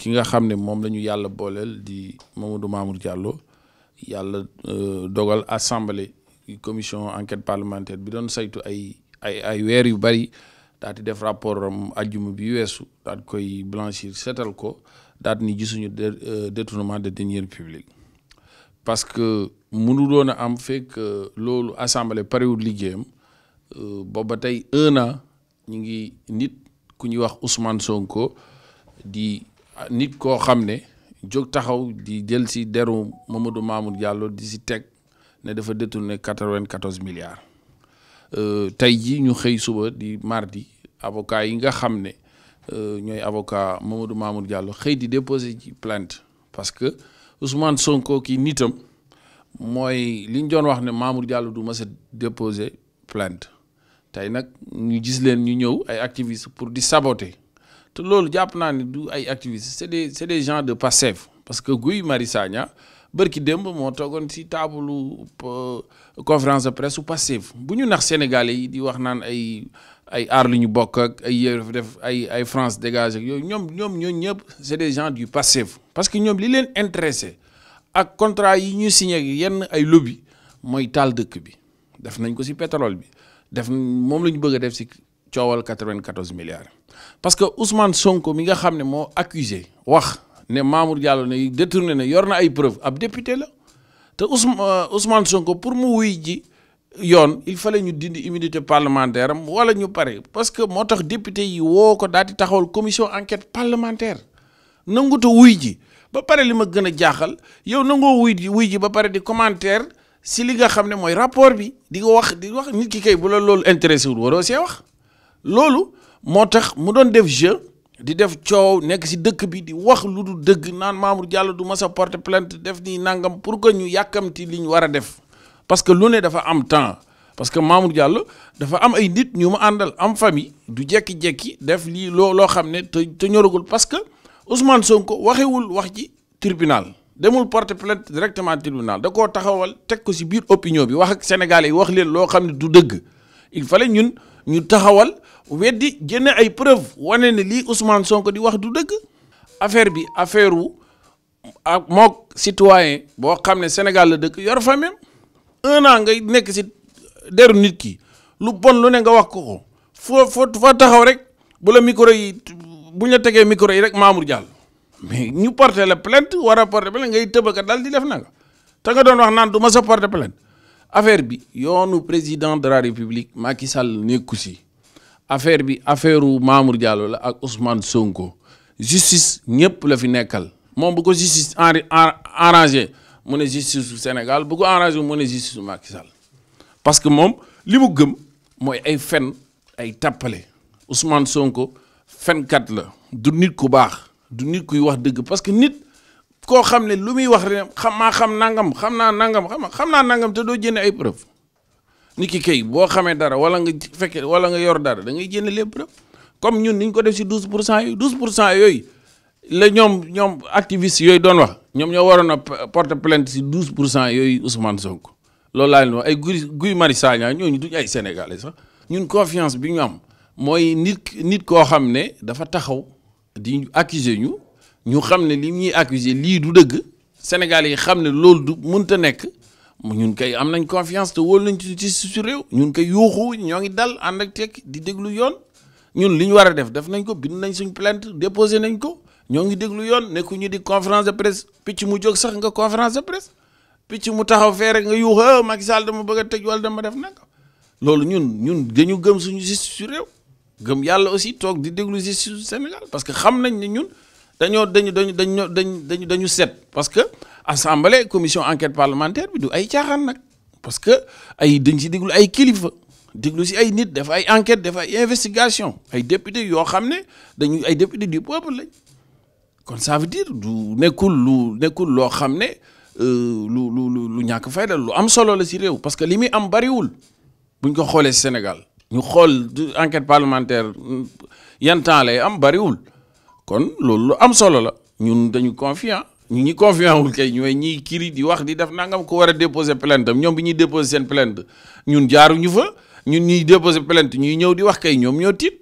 ki nga xam ne moom la ñu yàlla booleel di moom Mamadou Mamour Diallo yàlla euh, dogal assemblée commission enquête parlementaire bi doon saytu ay ay ay weer yu bari daal di def rapport am ajjuma bi weesu daal koy blanchir seetal ko daal ni gisuñu euh, détournement de deniers publics parce que mënu doon a am fekk euh, loolu assemblée parewul liggéeyam booba tey un an ñu ngi nit ku ñuy wax Ousmane Sonko di nit koo xam ne jóg taxaw di jël si deru Mamadou Mamour Diallo di si teg ne dafa détourné quatre-vingt-quatorze milliards euh, tey ji ñu xëy suba di mardi avocat yi nga xam ne euh, ñooy avocat Mamadou Mamour Diallo xëy di déposé ci plainte parce que Ousmane Sonko kii nitam mooy liñ ñu doon wax ne Mamour Diallo du mës a déposé plainte tey nag ñu gis leen ñu ñëw ay activistes pour di saboter te loolu jàpp naa ne du ay activistes c'est des c'est des gens de Pastef parce que Guy Marius Sagna bërki démb moo toogoon si taabulu euh, conférence de presse su Pastef bu ñu nax Sénégalais yi di wax naan ay ay aar lu ñu bokk ak ay yëf def ay ay France dégage yooyu ñoom ñoom ñoo ñëpp c'est des gens du Pastef parce que ñoom li leen intéressé ak contrat yi ñu signé ak yenn ay lobby mooy taal dëkk bi def nañ ko si pétrole bi def moom la ñu bëgg a def ci coowal 94 milliards parce que Ousmane Sonko mi nga xam ne moo accusé wax ne Mamour Diallo ne détourné ne yor na ay preuve ab député la te euh, Ousmane Sonko pour mu wuy ji yoon il fallait ñu dindi immunité parlementaire am wala ñu pare parce que moo tax député yi woo ko daal di taxawal commission enquête parlementaire nanguta wuy ji ba pare li ma gën a jaaxal yow nangoo wuy ji wuy ji ba pare di commentaire si li nga xam ne mooy rapport bi di ko wax di wax nit ki kay bu la loolu intéressé wul waroo see wax loolu moo tax mu doon def jeu di def coow nekk ci dëkk bi di wax lu du dëgg naan Mamour Diallo du mas a porter plainte def nii nangam pour que ñu yàkkamti li ñu war a def parce que lu ne dafa am temps parce que Mamour Diallo dafa am ay nit ñu mu àndal am famille du jekki-jekki def lii loo loo xam ne te te ñoragul parce que Ousmane Sonko waxewul wax ji tribunal demul porter plainte directement tribunal da koo taxawal teg ko ci biir opinion bi wax ak sénégalais yi wax leen loo xam ne du dëgg ñun. ñu taxawal weddi génne ay preuve wane ne lii Ousmane Sonko di wax du dëkk affaire bi affaire wu ak moog citoyen boo xam ne Sénégal la dëkk yor fa même un ngay nekk si deru nit ki lu bon lu ne nga wax ko ko foo foo taxaw rek bu la micro bu ñu la tegee micro yi rek Mamour Diallo mais ñu porté la plainte war a porté plainte ngay tëbaka dal di def na te nga doon wax naan du ma sa porté plainte affaire bi yoonu président de la république Macky Sall nekku si affaire bi affaire u Mamour Diallo la ak Ousmane Sonko justice ñëpp la fi nekkal moom bu ko justice en mu ne justice su Sénégal bu ko arrangé mu ne justice su Sall parce que moom li mu gëm mooy ay fen ay tappale Ousmane Sonko fenkat la du nit ku baax du nit kuy wax dëgg parce que nit. koo xam ne lu muy wax rek xam maa xam nangam xam naa nangam xam naa nangam te doo jën ay preuve nit ki kay boo xamee dara wala nga fekkee wala nga yor dara da ngay jënd les preuves comme ñun niñ ko def si 12 pour cent yooyu 12 pour la ñoom ñoom activiste yooyu doon wax ñoom ñoo waroon a porter plainte si 12 pour cent yooyu Ousmane Sonko loolu laa leen wax ay Guy Guy Marius Sagna ñooñu duñ ay sénégalais sax ñun confiance bi ñu am mooy nit nit koo xam ne dafa taxaw di accuser ñu. ñu xam ne li ñuy accuser lii du dëgg Sénégal yi xam ne loolu du mënta nekk ñun kay am nañ confiance te wóolu nañ ci su réew ñun kay yuuxu ñoo ngi dal ànd ak tekk di déglu yoon ñun li ñu war a def def nañ ko bind nañ suñ plainte déposé nañ ko ñoo ngi déglu yoon nekku ñu di conférence de presse picc mu jog sax nga conférence de presse picc mu taxaw fee rek nga yuuxu ah Macky dama bëgg a tëj wala dama def nag loolu ñun ñun dañu gëm suñu justice su réew gëm yàlla aussi toog di déglu justice Sénégal parce que xam nañ ne ñun. dañoo dañu dañu dañu dañu dañu set parce que assemblée commission enquête parlementaire bi du ay caaxaan nag parce que ay dañ si déglu ay kilifa diglu si ay nit def ay enquête def ay investigation ay député yoo xam ne dañu ay député du peuple lañ kon ça veut dire du nekkul lu nekkul loo xam ne euh, lu lu lu lu ñàkk fayda lu am solo la si réew parce que li muy am bariwul buñ ko xoolee Sénégal ñu xool enquête parlementaire mm, yan temps lay am bariwul kon loolu lu am solo la ñun dañu confiant ñu ñi confiant wul kay ñooy ñiy kiri di wax di def nangam ko war a déposé plainte am ñoom bi ñuy déposé seen plainte ñun jaaruñu fa ñun ñuy déposer plainte ñuy ñëw di wax kay ñoom ñoo tiit.